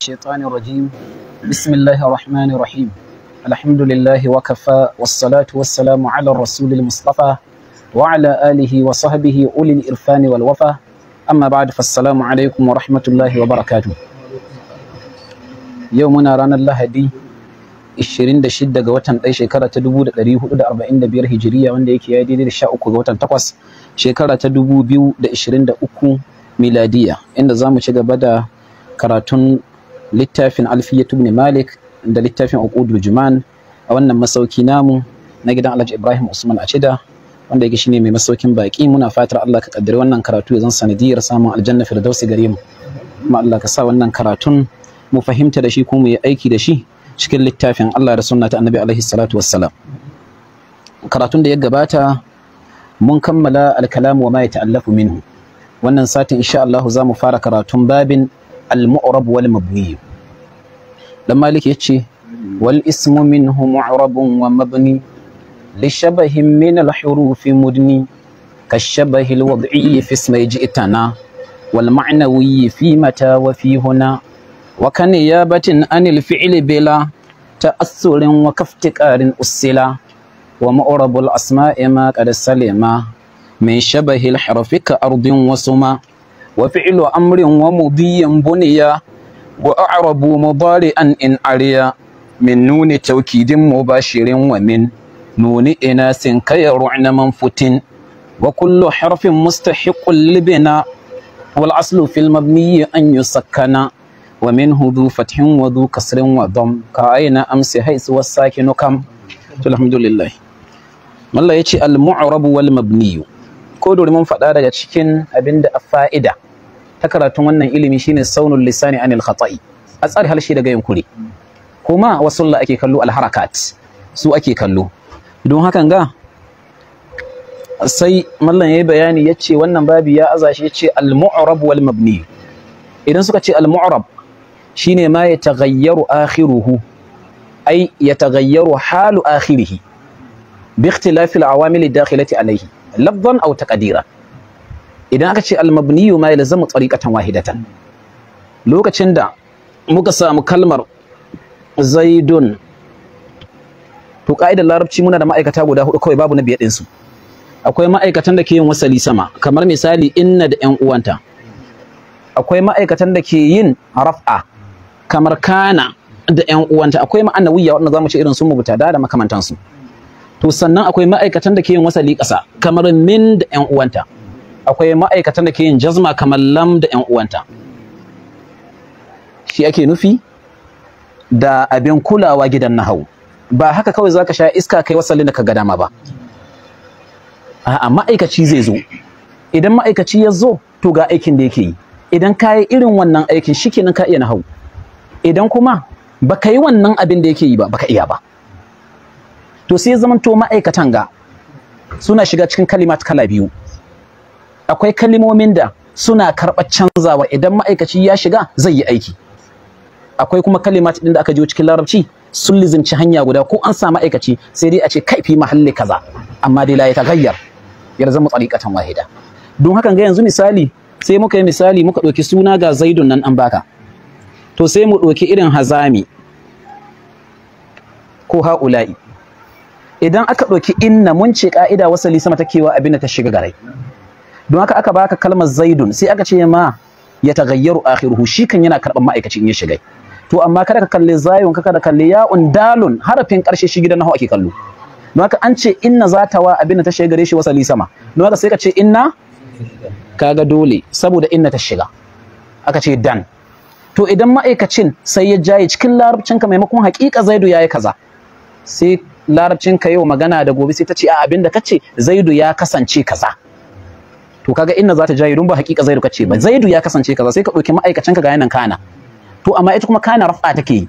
الشيطان الرجيم بسم الله الرحمن الرحيم الحمد لله وكفى والصلاة والسلام على الرسول المصطفى وعلى آله وصحبه أولي الإرفان والوفا أما بعد فالسلام عليكم ورحمة الله وبركاته يومنا رانا الله دي الشرين 26 ga watan ɗaya shekara ta 1445 hijiriya wanda yake ya daidai da 13 ga watan 8 shekara ta 2023 miladiya inda za mu ci gaba da karatun littafin alfiyatu ibn malik da littafin uqudul juman a wannan masauki namu na gidan alhaji ibrahim usman acida wanda yake shine mai masaukin baki muna fatar allah ka kaddare wannan karatu ya zan sanadiyar samun aljanna firdausi gare mu kuma allah ka sa wannan karatun mu fahimta da shi ko mu yi aiki da shi cikin littafin allah da sunna ta annabi alaihi salatu wassalam karatun da ya gabata mun kammala alkalamu wa ma ya ta'allafu minhu wannan satin insha Allah za mu fara karatun babin al-mu'rab wal mabni dan malik yace wal ismu minhu mu'rabun wa mabni li shabahin min al-huruf mudni كالشبه الوضعي في اسم جئتنا والمعنوي في متى وفي هنا وكنيابة عن الفعل بلا تأثر وكافتكار أصلا ومؤرب الأسماء ما قد سلما من شبه الحرف كأرض وسما وفعل أمر ومضي بنيا وأعرب مضارئا إن عليا من نون توكيد مباشر ومن نون إناس كيرعن منفت وكل حرف مستحق لبنا والأصل في المبني أن يسكن ومنه ذو فتح وذو كسر وضم كأين أمس حيث والساكن كم الحمد لله Allah ya ce al-mu'rab wal mabniyu ko dole mun faɗa daga cikin abinda a fa'ida ta karatun wannan ilimi shine saunul lisani anil khata'i a tsari halshe daga yankuri kuma wasulla ake kallo alharakat su ake kallo don hakan ga sai mallan yayi bayani yace wannan babi ya azashi yace al-mu'rab wal mabni idan suka ce al-mu'rab shine ma ya taghayyaru akhiruhu ay ya taghayyaru halu akhirihi bi ikhtilafi al-awamil dakhilati alayhi lafdhan aw taqdiran idan aka ce almabniyu ma yalzamu tariqatan wahidatan lokacin da muka samu kalmar zaidun to ka'idar larabci muna da ma'aikata guda hudu kawai babu na biyar ɗinsu akwai ma'aikatan da ke yin wasali sama kamar misali inna da ƴan uwanta akwai ma'aikatan da ke yin raf'a kamar kana da ƴan uwanta akwai ma'anawiyya wanda zamu ce irin su mubuta da da makamantansu to sannan akwai ma'aikatan da ke yin wasali ƙasa kamar min da ƴan uwanta akwai ma'aikatan da ke yin jazma kamar lam da ƴan uwanta shi ake nufi da abin kulawa gidan nahau ba haka kawai zaka sha iska kai wasalli da ka ga dama ba a'a ma'aikaci zai zo idan ma'aikaci ya zo to ga aikin da yake yi idan ka yi irin wannan aikin shikenan ka iya nahau idan kuma baka yi wannan abin da yake yi ba baka iya ba to sai to ma'aikatan ga suna shiga cikin kalimat kala biyu akwai kalimomin da suna karɓar canzawa idan ma'aikaci ya shiga zai yi aiki akwai kuma kalimat din da aka jiyo cikin larabci sun lizimci hanya guda ko an samu ma'aikaci sai dai a ce kai fi mahalli kaza amma dai la ya tagayyar ya zama tsariƙatan wahida don hakan ga yanzu misali sai muka yi misali muka ɗauki suna ga zaidun nan an baka to sai mu ɗauki irin hazami ko ha'ula'i idan aka ɗauki inna mun ce ƙa'ida wasali sama takewa abin da ta shiga garai don haka aka baka kalmar zaidun sai aka ce ma ya tagayyaru akhiruhu shi kan yana karban ma'aikacin ya shiga to amma kada ka kalli zayun kada ka kalli ya'un dalun harafin karshe shi gidan nahu ake kallo don haka an ce inna zata wa abinda ta shiga gare shi wasali sama don haka sai ka ce inna kaga dole saboda inna ta shiga aka ce dan to idan ma'aikacin sai ya jaye cikin larabcinka maimakon haƙiƙa zaidu yayi kaza sai larabcinka yau magana da gobe sai ta ce a abinda kace zaidu ya kasance kaza to kaga inna zata jahidun ba haƙiƙa zaidu kace ba zaidu ya kasance kaza sai ka ɗauki ma'aikacin ka ga yanan kana to amma ita kuma kana raf'a take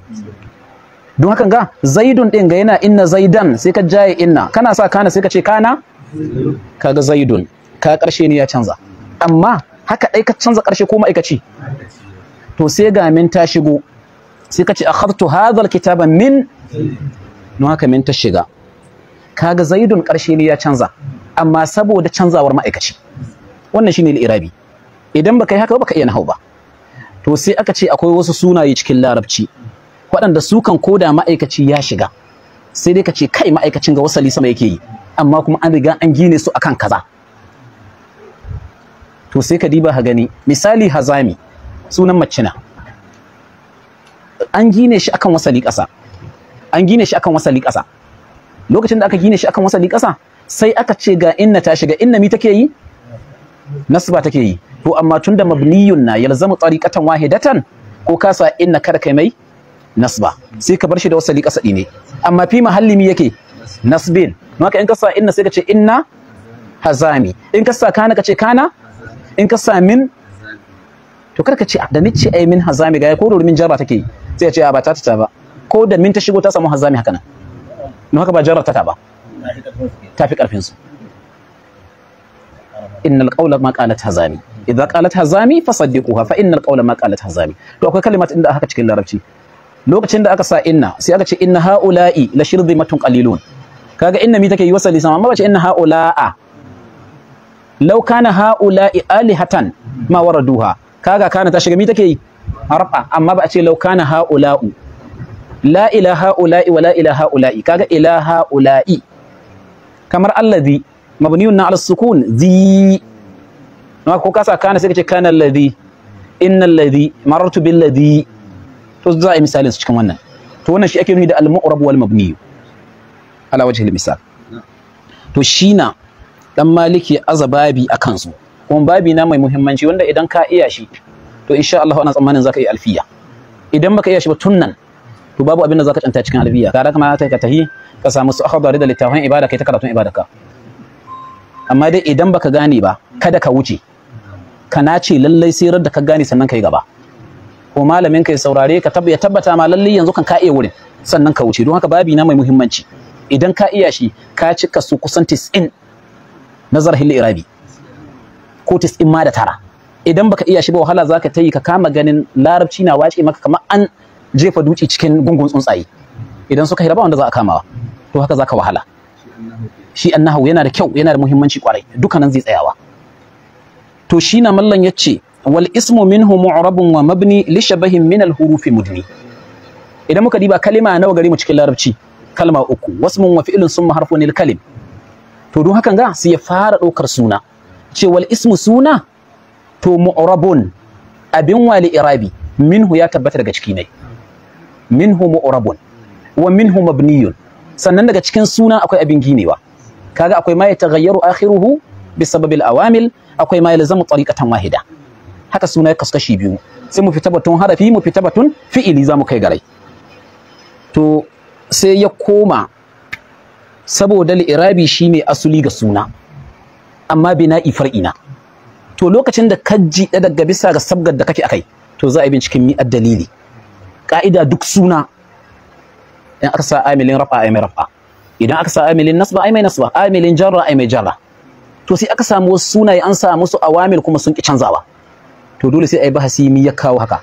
don hakan ga zaidun din ga yana inna zaidan sai ka jaye inna kana sa kana sai ka ce kana kaga zaidun ka karshe ne ya canza amma haka dai ka canza karshe ko ma'aikaci to sai ga min ta shigo sai ka ce akhadtu hadha alkitaba min don haka min ta shiga kaga zaidun karshe ne ya canza amma saboda canzawar ma'aikaci wannan shine al-irabi idan baka yi haka baka iya nahau ba to sai aka ce akwai wasu sunaye cikin larabci waɗanda su kan koda ma'aikaci ya shiga sai dai ka ce kai ma'aikacin ga wasali sama yake yi amma kuma an riga an gine su akan kaza to sai ka diba ha gani misali hazami sunan mace na an gine shi akan wasali ƙasa an gine shi akan wasali ƙasa lokacin da aka gine shi akan wasali ƙasa sai aka ce ga inna ta shiga inna mi take yi nasba take yi to amma tunda mabniyun na yalzamu tariqatan wahidatan ko kasa inna kar kai mai nasba sai ka bar shi da wasali kasadi ne amma fi mahallimi yake nasbin maka in kasa inna sai ka ce inna hazami in kasa kana ka ce kana in kasa min to kar ka ce ah, da ni ce ai min hazami ga ko rumin jarra take sai ya ce a ah, ba ta ta ba ko da min ta shigo ta samu hazami haka nan haka ba jarra ta ta ba ta fi karfin su innal qawla ma qalat hazami idza qalat hazami fasaddiquha fa innal qawla ma qalat hazami to akwai kalimat inda cikin larabci lokacin da aka sa inna sai aka ce inna haula'i la shirzimatun qalilun kaga inna mi take yi wasali sama amma bace inna haula'a law kana haula'i alihatan ma waraduha kaga kana ta shiga mi take yi harfa amma ba a ce law kana haula'u wa kaga ilaha kamar allazi mabniyun na al-sukun zi na ko kasa kana sai kace kana alladhi inna alladhi marartu bil ladhi to za a misalin su cikin wannan to wannan shi ake nuni da al-mu'rab wal mabni ala wajhi al-misal to shina dan maliki azababi akan su kuma babi na mai muhimmanci wanda idan ka iya shi to insha Allah ana tsammanin zaka yi alfiya idan baka iya shi ba tunnan to babu abin da zaka canta cikin alfiya kada kama ta tahi ka samu su akhadari da littafin ibada kai ta karatun ibada ka amma dai idan baka gane ba kada ka wuce ka nace lallai sai da ka gane sannan kai gaba ko malamin ka ya saurare ka ya tabbata ma lallai yanzu kan ka iya wurin sannan ka wuce don haka babi na mai muhimmanci idan ka iya shi ka cika su kusan 90 nazar hilli irabi ko 90 ma da tara idan baka iya shi ba wahala zaka ta yi ka kama ganin larabci na wace maka kamar an jefa duci cikin gungun tsuntsaye idan suka ba wanda za a kamawa to haka zaka wahala shi annahu yana da kyau yana da muhimmanci kwarai nan zai tsayawa to shi na mallan yace wal ismu minhu mu'rabun wa mabni li shabahin min al hurufi mudni idan muka diba kalima nawa gari mu cikin larabci kalma uku wasmun wa fi'lun summa harfun lil kalim to don hakan ga su ya fara ɗaukar suna ce wal ismu suna to mu'rabun abin wali irabi minhu ya tabbata daga ciki ne minhu mu'rabun wa minhu mabniyun sannan daga cikin suna akwai abin ginewa kaga akwai ma yataghayyaru akhiruhu bisabab al-awamil akwai ma lazamu tariqatan wahida haka suna kaskashi biyu sai mu fita batun harafi mu fita batun fi'ili zamu kai garai to sai ya koma saboda al-irabi mai asuli ga suna amma bina'i far'ina to lokacin da ka kajji daga bisa ga sabgar da kake akai to za a yi binciken mi dalili ka'ida duk suna in aka sa amilin rafa a mai rafa idan aka sa amilin nasba ai mai nasba amilin jarra ai mai jarra to sai aka samu wasu sunaye an sa musu awamil kuma sun ki canzawa to dole sai ai bahasi mi ya kawo haka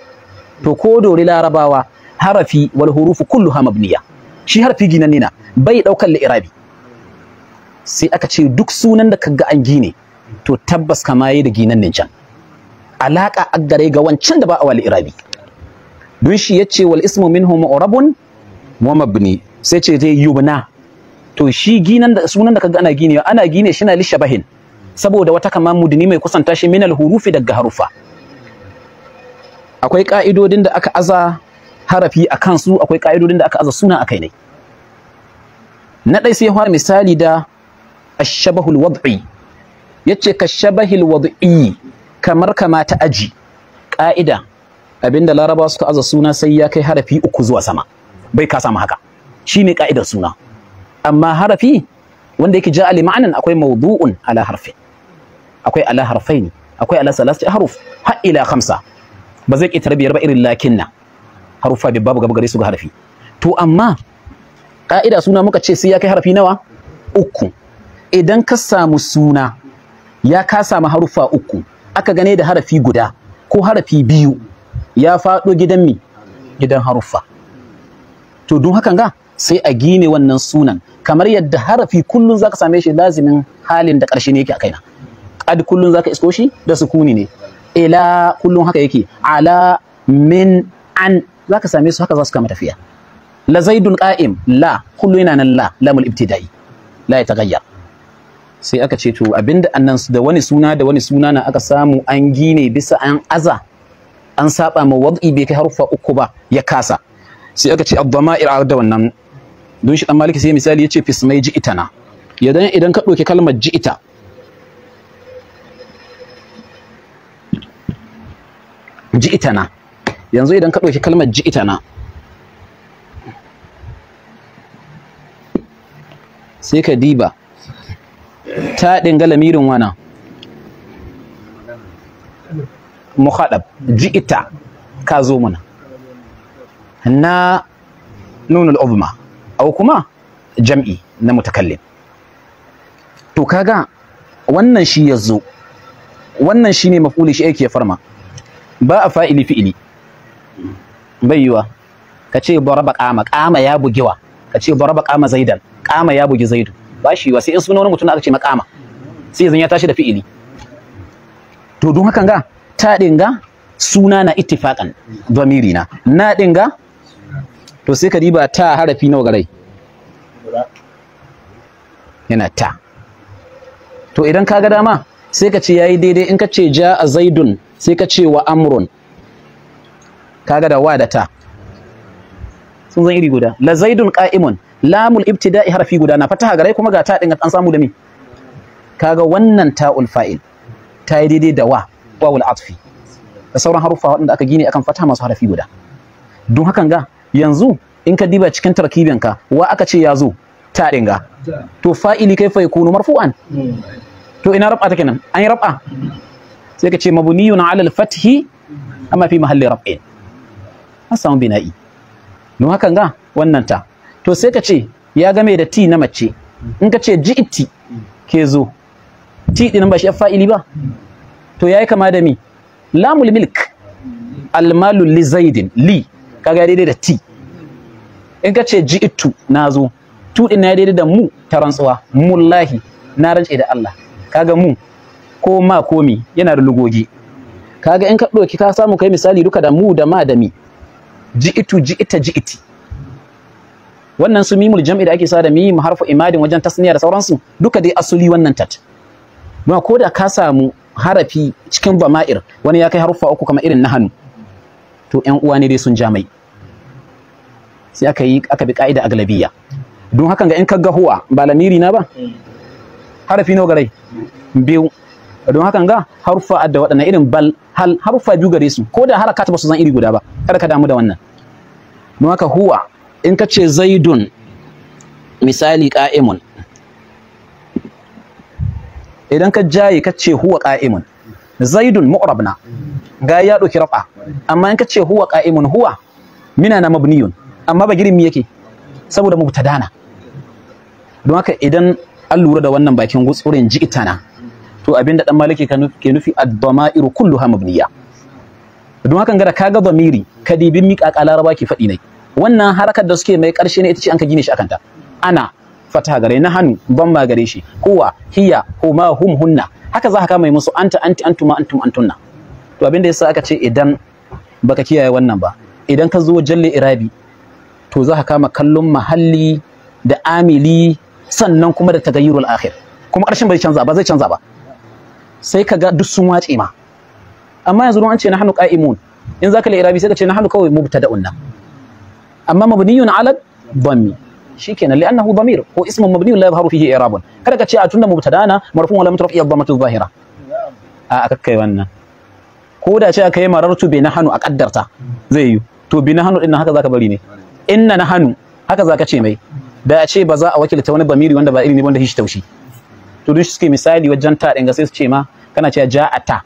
to ko dori larabawa harafi wal hurufu kulluha mabniya shi harfi ginanne na bai daukar irabi sai aka ce duk sunan da kaga an gine to tabbas kama yi da ginannen can alaka aggare ga wancan da ba a wal irabi don shi yace wal ismu minhu mu'rabun wa mabni sai ce zai yubna to shi ginan da sunan da kaga ana ginewa ana gine shi na li shabahin saboda wata kama mudini mai kusanta shi minal hurufi daga harufa akwai ka'idodin da aka aza harafi a kansu akwai ka'idodin da aka aza suna akai ne na ɗai sai fara misali da ashabahul wad'i yace ka shabahil wad'i kamar kama ta aji ka'ida abinda laraba suka aza suna sai ya kai harafi uku zuwa sama bai ka samu haka shine ka'idar suna amma harafi wanda yake ja li ma'anan akwai mawdu'un ala harfi akwai ala harfaini akwai ala salasati haruf har ila khamsa ba zai ƙetare biyar ba irin lakinna harufa bi babu gaba su ga harafi to amma ka'ida suna muka ce sai ya kai harfi nawa uku idan ka samu suna ya ka samu harufa uku aka gane da harafi guda ko harafi biyu ya faɗo gidan mi gidan harufa to don hakan ga sai a gine wannan sunan kamar yadda harafi kullun zaka same shi lazimin halin da ƙarshe ne yake a kaina ad kullun zaka isko shi da sukuni ne ila kullun haka yake ala min an zaka same su haka za su kama tafiya la zaidun qa'im la kullu yana nan la lamul ibtidai la yataghayyar sai aka ce to abinda annan da wani suna da wani suna na aka samu an gine bisa an aza an saba ma wad'i bai kai harfa uku ba ya kasa sai aka ce ad dhamair da wannan don shi dan maliki sai misali yace fismai ji'itana idan idan ka ɗauki kalmar ji'ita ji'itana yanzu idan ka ɗauki kalmar ji'itana sai ka diba ta dinga lamirin wana muhaɗab ji'ita ka zo mana na nunul ubma au kuma jam'i na mutakallim to kaga wannan shi yazo wannan shine maf'uli shi yake farma ba a fa'ili fi'ili bai yiwa kace baraba qama qama ya bugiwa kace baraba qama zaidan qama ya bugi zaidu ba shi wa sai in sunan wani mutum aka ce maqama sai zan ya tashi da fi'ili to don hakan ga ta dinga suna na ittifaqan dhamirina na na dinga to sai ka riba ta harafi nawa garai yana ta to idan ka ga dama sai ka ce yayi daidai in ka ce ja a zaidun sai ka ce wa amrun ga da wa da ta sun zan iri guda la zaidun qa'imun lamul ibtida'i harfi guda na fataha garai kuma ga ta din an samu da mi kaga wannan ta'ul fa'il ta yi daidai da wa wawul atfi da sauran haruffa waɗanda aka gine akan fataha masu harfi guda don hakan ga yanzu in ka diba cikin tarkibin ka wa aka ce ya zo ta dinga to fa'ili kai fa yakunu marfu'an to ina rab'a take nan an yi rab'a sai ka ce mabniyun ala al-fathi amma fi mahalli rab'in an samu bina'i don hakan ga wannan ta to sai ka ce ya game da ti na mace in ka ce ji'ti ke zo ti din ba shi fa'ili ba to yayi kama da mi lamul milk almalu li zaidin li kaga ya daidai da ti in ka ce ji'tu na zo tu din na daidai da mu ta rantsuwa mullahi na rantse da Allah kaga mu ko ma ko mi yana da lugogi kaga in ka ɗauki ka samu kai misali duka da mu da ma da mi ita ji iti wannan su mimul jam'i da ake sa da mim harfu imadin wajen tasniya da sauransu duka dai asuli wannan tat ma ko da ka samu harafi cikin bama'ir wani ya kai haruffa uku kamar irin na hannu to ƴan uwa ne dai sun ja mai sai aka yi aka bi ka'ida aglabiya don hakan ga in ka ga huwa ba lamiri na ba harafi nawa garai biyu don hakan ga harufa da waɗannan irin bal hal harufa biyu gare su ko da ta ba su zan iri guda ba kada ka damu da wannan don haka huwa in ka ce zaidun misali ka'imun idan ka jaye ka ce huwa ka'imun zaidun mu'rabna ga ya dauki rafa amma in ka ce huwa qa'imun huwa mina na mabniyun amma ba girin yake saboda mubtadana don haka idan an lura da wannan bakin gutsurin itana to abinda dan maliki ke nufi ad-dama'iru kulluha mabniya don haka gara kaga zamiri kadibin miƙaƙa laraba ki faɗi ne wannan harakar da suke mai karshe ne ita ce an ka gine shi akanta ana fataha gare na hannu ban ma gare shi kuwa hiya huma hum hunna haka za ka kama musu anta anti antuma antum antunna to abin da yasa aka ce idan baka kiyaye wannan ba idan ka zo jalle irabi to za ka kama kallon mahalli da amili sannan kuma da tagayyurul akhir kuma karshen bai canza ba zai canza ba sai ka ga duk sun wace ma amma yanzu an ce nahnu qa'imun in zaka le irabi sai ka ce nahnu kawai mubtada'un nan amma mabniyun ala dhammi shikenan li'annahu dhamir ko ismun mabni la yadhharu fihi i'rabun kada ka ce a tunda mubtada'ana marfu'un lam turaf dhammatu dhahira a aka kai wannan ko da ce aka yi marartu bi nahanu a qaddarta zai yi to bi nahanu din haka zaka bari ne inna nahanu haka zaka ce mai da a ce ba za a wakilta wani bamiri wanda ba ilimi wanda shi taushi to dun shi suke misali wajen ta dinga sai su ce ma kana cewa ja'ata